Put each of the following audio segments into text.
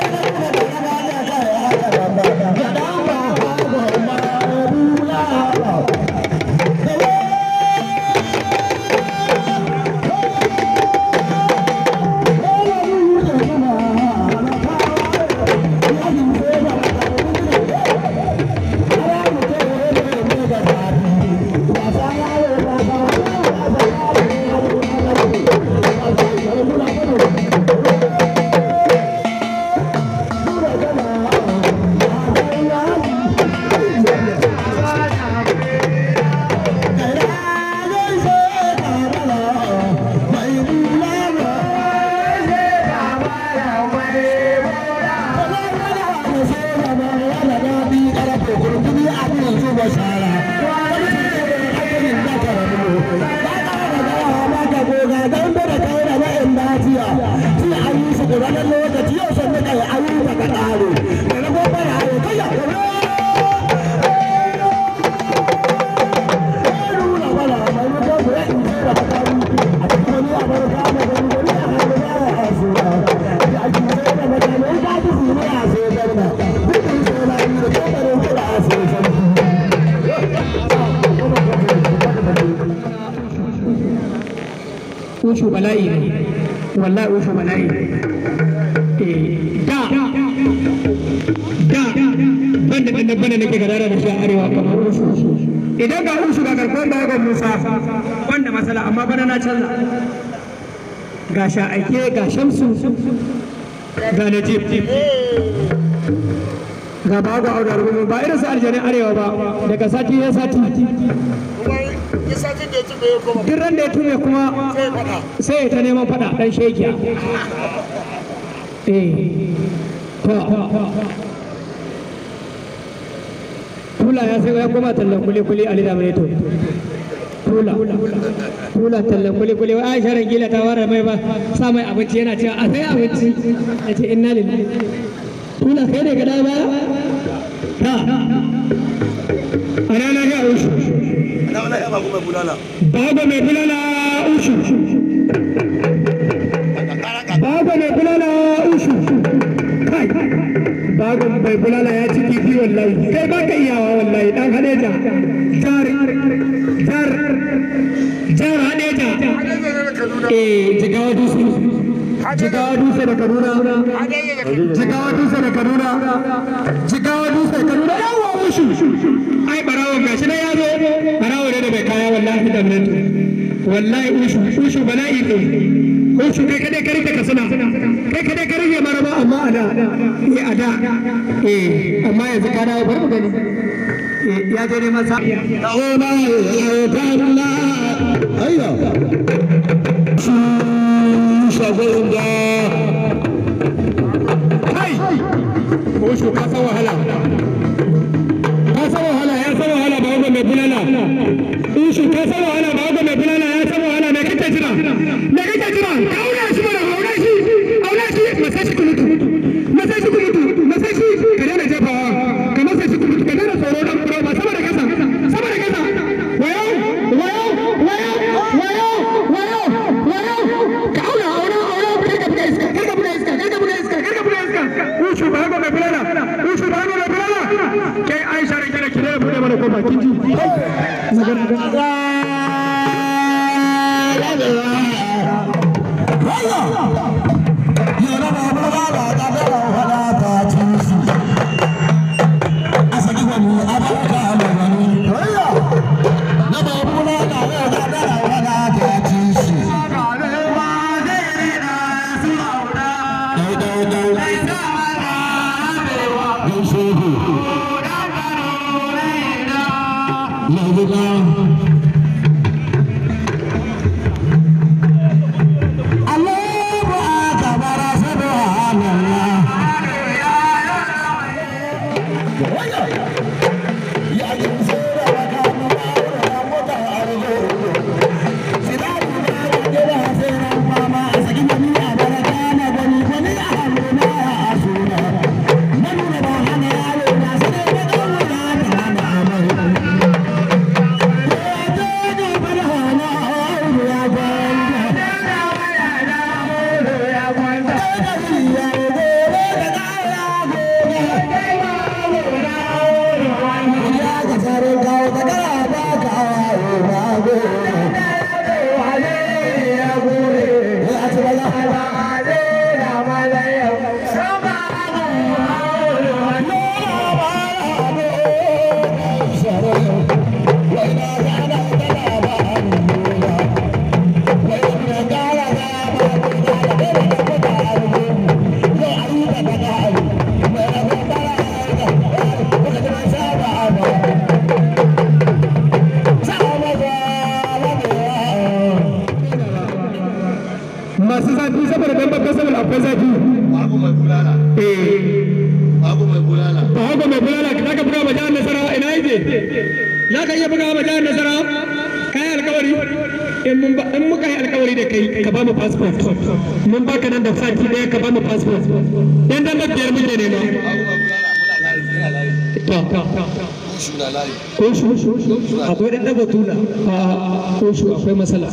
Thank you. ushu bala'i ne wallahi ushu bala'i eh, da da banda da banda nake gadara da shi a arewa kamar ushu idan ga ushu ga garkon bagon musa wanda masala amma bana na canza ga sha ake ga shamsu ga najib ga ba ga aure ba irin su aljanin arewa ba daga sati ya sati duk ran da ya tume kuma sai ta neman fada dan shekiya eh, tula ya sai ya koma tallan kuli kuli ali da mai to tula tula tallan kuli kuli wa aisha ran gila ta ware mai ba sa mai abinci yana cewa a sai abinci ce inna lillahi tula sai ne gada ba ta a ranar ya wuce na ya bulala babu ushu bulala ushu kai babu bulala ya ci kifi wallahi kai ba ka iyawa wallahi dan hadeja jar jar jar hadeja eh jigawa dusu jigawa dutse da kaduna jigawa dutse da kaduna jigawa dutse da kaduna mushu ai barawo gashi na yaro barawo ne da bai kaya wallahi da nan wallahi ushu ushu bala'i ne ushu kai kada kare ka kasuna kai kada kare ya maraba amma ada eh ada eh amma yanzu kana ya bar gani eh, ya je ne masa ta'ala ta'ala ayya su shagon da kai ko shuka sa wahala Regresa passport mun ka nan da sati ne ka ba mu passport yan dan biyar muke nema koshu akwai dan daga tuna a koshu akwai matsala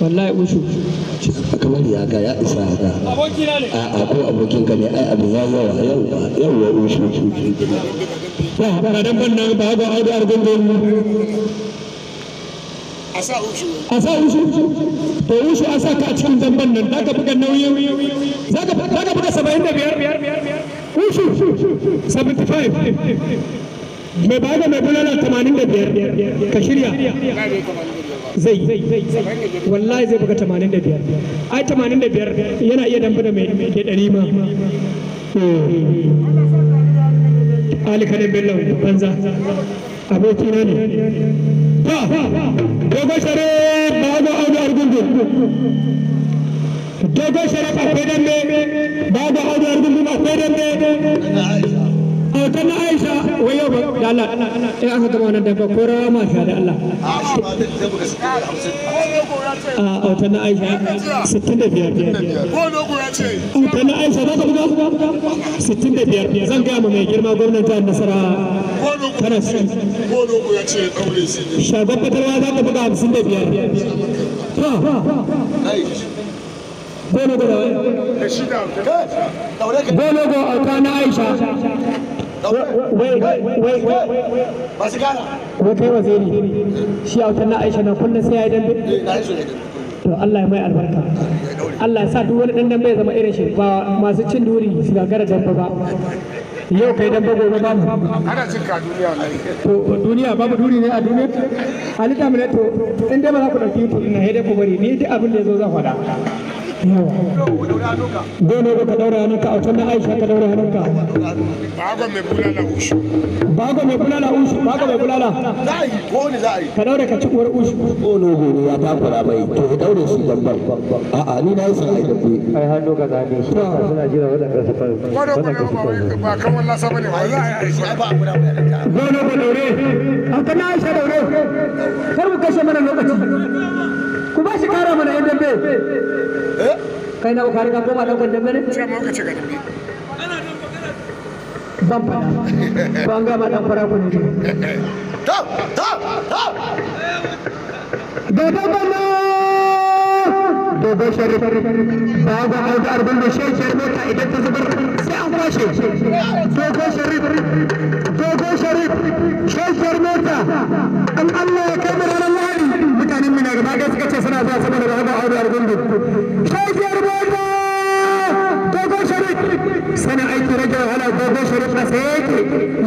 wallahi ushu kamar ya ga ya isa haka a ko abokin ka ne ai abin ya yawa yawa ushu ba ba dan ban nan ba ga audu argungun a sa ushu to ushu a sa ka a zamban nan za ka buga nauyin za ka buga saba'in da biyar 75 mai ba mai bulala tamanin ka shirya zai wallahi zai buga tamanin ai tamanin yana iya dambana mai ɗari ma hmm. Ali Bello banza abokina ne دوغشري بابا أود أرجندو بابا أود أرجندو أفيدن mata na aisha da Allah aka gama nan kora ma sha da Allah a 65 zan mai girma gwamnati nasara tana shi shagon za buga 55 da wai wai wai ba shi a na aisha na kullum sai ya yi dambe to Allah ya mai albarka Allah ya sa duk wani dan dambe ya zama irin shi ba masu cin duri su gagara dambe ba yau kai dambe gobe ba mu ana cin ka duniya to duniya babu duri ne a duniya halitta mu ne to in dai ba za ku dauki to ina hede ku bari ni duk abin da zo zan faɗa gona ba ka daura hannunka a can aisha ka daura hannunka bago mai bulala ushu bago mai bulala ushu mai bulala za a yi ko ne za a yi ka daura ka ci uwar ushu ko gobe ya to shi dan ban a'a ni na yi sai da ai hannu ka zane shi suna jira ka su fara wadanda su fara ba kan wallahi sabani ba za a yi shi ba abu da gona ba daure a kan aisha daure kar mu kashe mana lokaci ku bashi kara mana yan dambe eh? kai na ka riga koma daukan dambe ne ban fada ban gama dan fara ku ne to to to da bana dogon sharif ba ga auda arbin da shi ke mota idan ta zubar sai an kwashe dogon sharif dogon sharif shi mota an Allah ya kai mu ranar suna zuwa saboda da haka aure argundu shafiyar mota dogon sharif sana aiki rage wahala dogon sharif a tsaye yake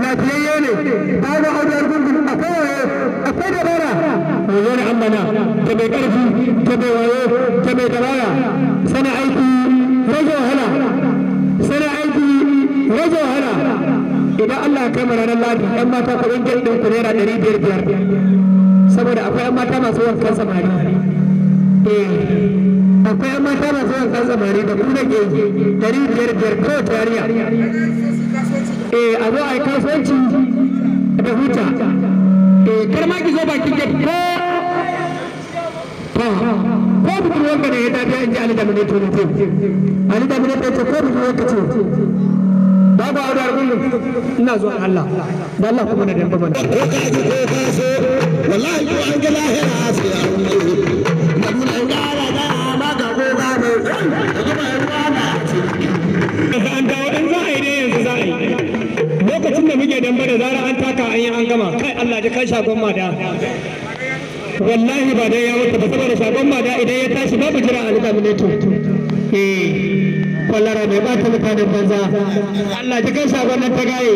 lafiyayye ne babu aure argundu akwai akwai dabara wayo ne an bana ta mai karfi ta mai wayo ta mai dabara sana aiki rage wahala sana aiki rage wahala idan Allah ya kai mu ranar ladi ɗan mata ku rinke ɗin ku naira ɗari biyar biyar saboda akwai 'yan mata masu wankan samari akwai mata masu kan samari da kuma ke dari biyar biyar ko tariya eh a zo a yi kasuwanci da huta eh kar ma ki zo bakin gate ko to ko budurwanka ne ya tafiya in ji ali da mene to ne ali da mene to ko budurwanka ce babu aure a kullum ina zuwa Allah da Allah kuma na damba mana wallahi ko an gina a lahira sai an wallahi ba dai ya mutu ba saboda sabon ba da idan ya tashi babu jira a litaminator eh kwallara mai bata mutanen banza Allah ji kan sabon nan ta gaye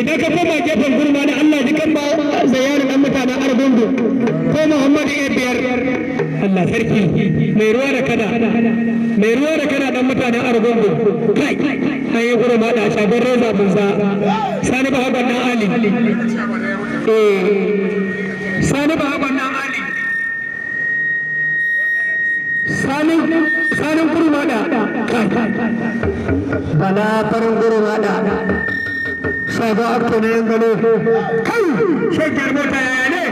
idan ka koma gefen gurma na Allah ji kan ba zayarin dan mutanen argungu ko Muhammadu ya biyar Allah sarki mai ruwa da kada mai ruwa da kada dan mutanen argungu kai an yi gurma da shagon reza banza sani ba haɓar dan ali Eh, sani ba haɓar nan ali sanin kurmada kai bala farin kurmada sabo akto na gano kai shaggiyar mota yaya ne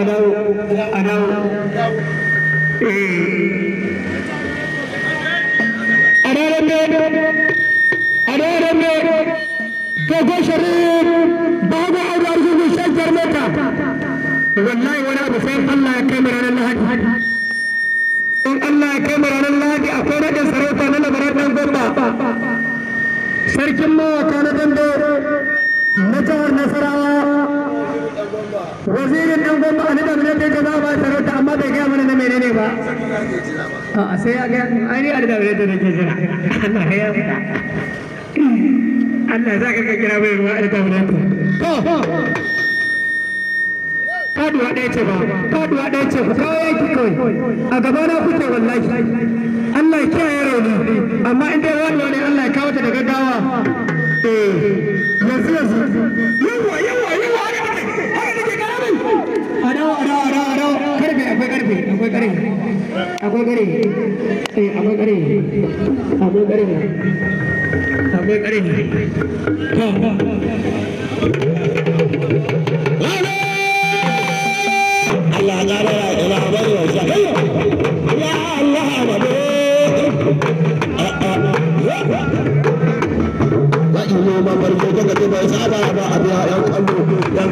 adawo adawo eh. adawo adawo adawo adawo adawo adawo wallahi wani abu sai Allah ya kai mu ranar Lahadi in Allah ya kai mu ranar Lahadi akwai raɗin sarauta na labaran ɗan gomba sarkin mawaka na dambe na jihar Nasarawa wazirin ɗan gomba a nuna da ya gaba ba sarauta amma bai gaya mana na menene ba a sai ya ga ainihin adadin da nake jira Allah ya fita Allah za ka kira bai ruwa adadin da to faduwa ɗaya ce ba ce ku kawo yaki kawai a gaba na kuke wallahi Allah ya kiyaye rauni amma in dai wani wani Allah ya kawo ta da gaggawa eh, yanzu yanzu yawa yawa yawa haka nake karfe akwai karfe akwai karfe akwai kare eh akwai kare akwai kare akwai kare to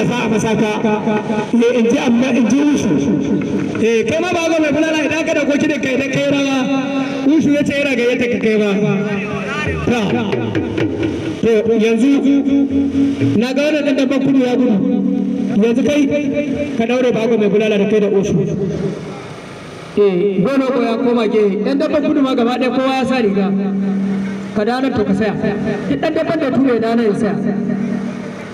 a sa a masaka ne in ji amma in ji ushu eh kai ma ba ga mai bulala idan ka da koki da kai da kai rawa ushu ya ce yana ga yadda ka kai ba to yanzu na ga wannan dan dabban kudu ya gudu yanzu kai ka daure ba mai bulala da kai da ushu eh gono ko ya koma ke dan dabban kudu ma gaba ɗaya kowa ya sa riga ka danar to ka saya duk dan dabban da ture danar ya saya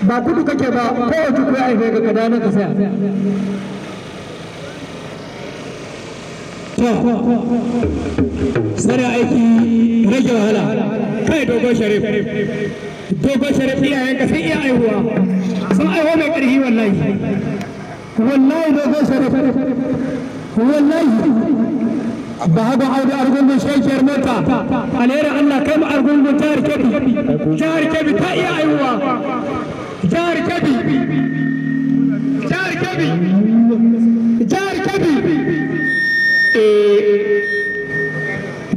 ba kudu kake ba kowace kuwa aihe ga kada na ka saya to aiki rage wahala kai dogon sharif dogon sharif iyayen ka sai iya aihuwa sun aiho mai wallahi wallahi dogon sharif wallahi argungun mota allah kai mu argungun jihar kebbi jihar kebbi ta iya aihuwa jihar kebbi jihar kebbi jihar kebbi eh,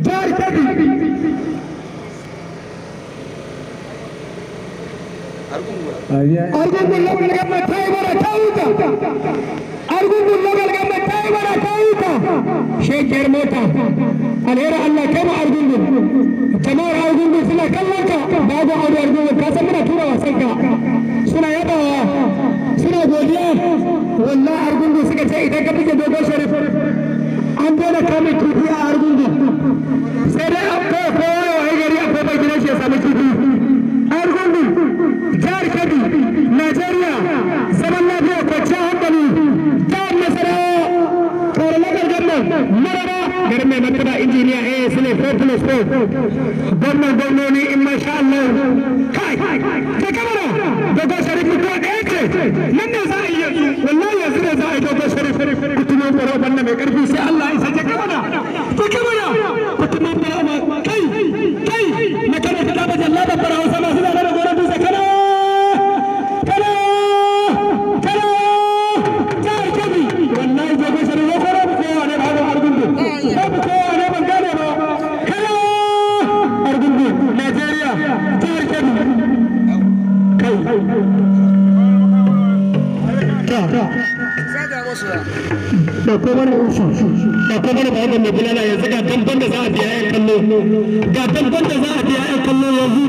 jihar kebbi argungun local government ta yi mana ta wuta argungun local government ta yi mana ta wuta shekiyar mota alheri Allah kai mu argungun jama'ar argungun suna kallon ka babu aure argungun ka san muna tura wasan ka suna yabawa suna godiya wallahi argungun suka ce idan ka buge dogon sharif an daina kame kifi a argungun sai dai an kowa mai martaba injiniya a su ne 4 plus za a yi wallahi yanzu ne za sai da ko mana da ko mana ba wannan bulala yanzu ga damban da za a biya ya kallo ga damban da za a biya ya kallo yanzu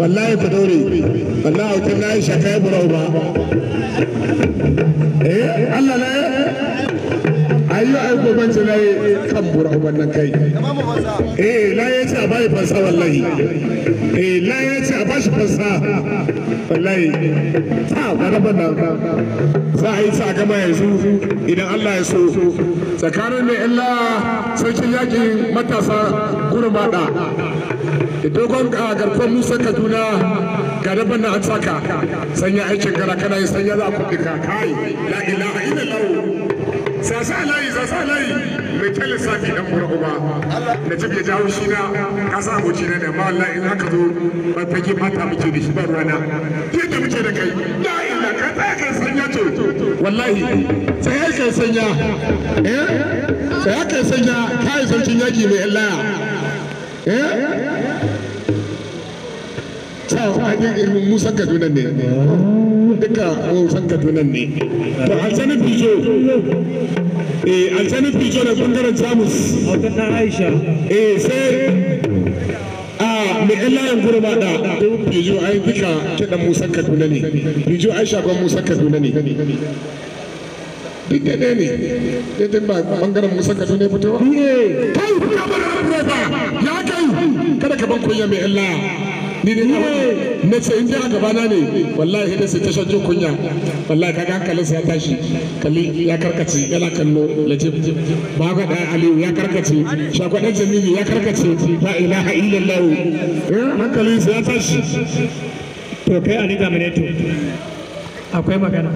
wallahi ku daure wallahi ku na yi burau ba eh Allah na ayyo ai goban ce nayi kan bura wannan kai eh la yace a bai fansa wallahi eh la yace a bashi fansa wallahi ta garaba nan za a yi sa gama yanzu idan Allah ya so tsakanin ne illa sarkin yaƙin matasa bada. da dogon garkon musa kaduna ga daban na an saka sanya aikin gara kana yi sanya za ku kuɗi kai la ilaha illallah sasa layi sasa layi mai ta lissafi dan bura uba na jib ya jawo shi na kasa aboci na da ma wallahi in aka zo ba ta ke mata muke eh? da shi ba ruwana yadda muke da kai la illa ka tsaya kai sanya to wallahi tsaya kai sanya eh tsaya kai sanya kai sarkin yaki mai laya eh musan kaduna ne duka oh, musan kaduna ne to alsanin fijo eh alsanin fijo da bangaren jamus autan na aisha eh sai a ah, mai yan layin gurba da fijo ai duka kiɗan musa kaduna ne fijo aisha ban musa kaduna ne duk daidai ne daidai ba bangaren musa kaduna ya fito ba kai ka bar ya kai kada ka ban kunya mai yan ni ne na ce in a gabana ne wallahi da sai ta shan jin kunya wallahi ka kan sa ya tashi kalli ya karkace yana kallo latif ba ga da aliyu ya ne shakwadan jami'i ya karkace la ilaha illallah eh, hankalin sa ya tashi to kai ani gamineto akwai magana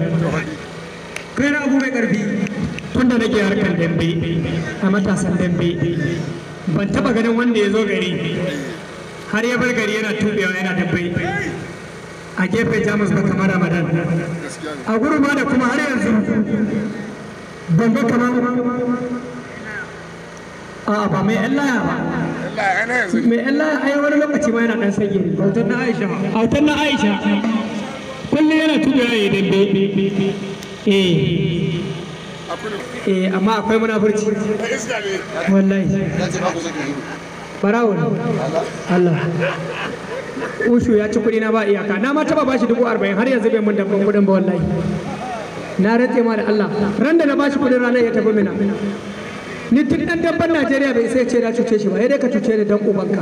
kai na abu mai karfi tun da nake harkar dambe a matasan dambe ban taba ganin wanda ya zo gari har ya bar gari yana tubewa yana dabbai a gefe jamus ba kamar ramadan a gurma da kuma har yanzu ban ga kamar a ba mai allah ba mai allah ai wani lokaci ma yana dan sanyi hautar na aisha hautar na aisha kullum yana tubewa ya yi eh eh amma akwai munafurci wallahi farawo Allah ushu ya ci kuɗi na ba iyaka na ma taba bashi dubu arba'in har yanzu bai mun dabban kudin ba wallahi na rantse ma da Allah ran da na bashi kudin ranar ya tafi mina ni duk ɗan dabban Najeriya bai sai ce na cuce shi ba ya dai ka cuce ni dan ubanka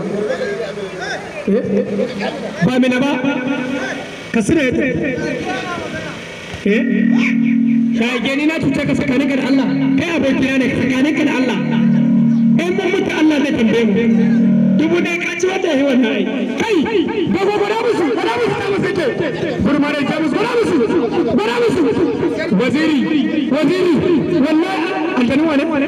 eh, eh. ba mina ba ka sire ta eh shage na cuce ka sakanin ka da Allah kai abokina ne sakanin ka da Allah in mun mutu Allah zai tambaye mu dubu ɗaya ka ci wata yi wannan ai kai musu musu musu ke gurmare musu musu musu waziri waziri wallahi wane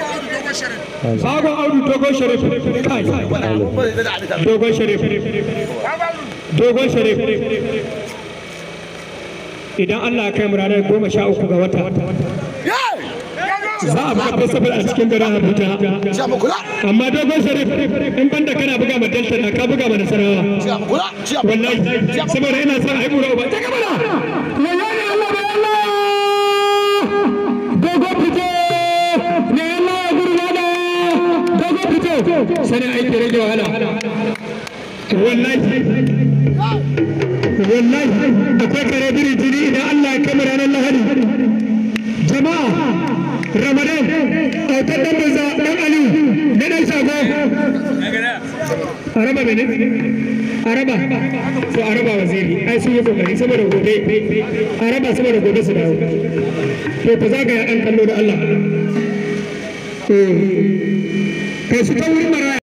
Baba Audu Dogon Sharif. Kai. Dogon Sharif. Dogon Sharif. Idan Allah ya kai mu ranar 13 uku ga wata. Za a buga sabar a cikin garin Abuja. Amma Dogon Sharif in banda kana buga ma Delta na ka buga ma Nasarawa. Wallahi saboda ina son a yi mura sanin aiki rage wahala wallahi da jini idan Allah ya kama ranar lahadi jama'a ramadan autar dan banza dan na shago araba araba araba waziri ai sun yi kokari saboda gobe araba saboda gobe su dawo to ku zagaya kallo da Allah eh. kai su ta maraya